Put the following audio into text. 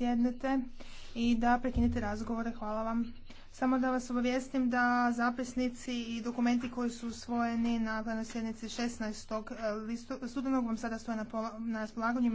sjednete i da prekinete razgovore. Hvala vam. Samo da vas obavijestim da zapisnici i dokumenti koji su usvojeni na glavnoj sjednici 16. Eh, studenog vam sada stoje na, na raspolaganju.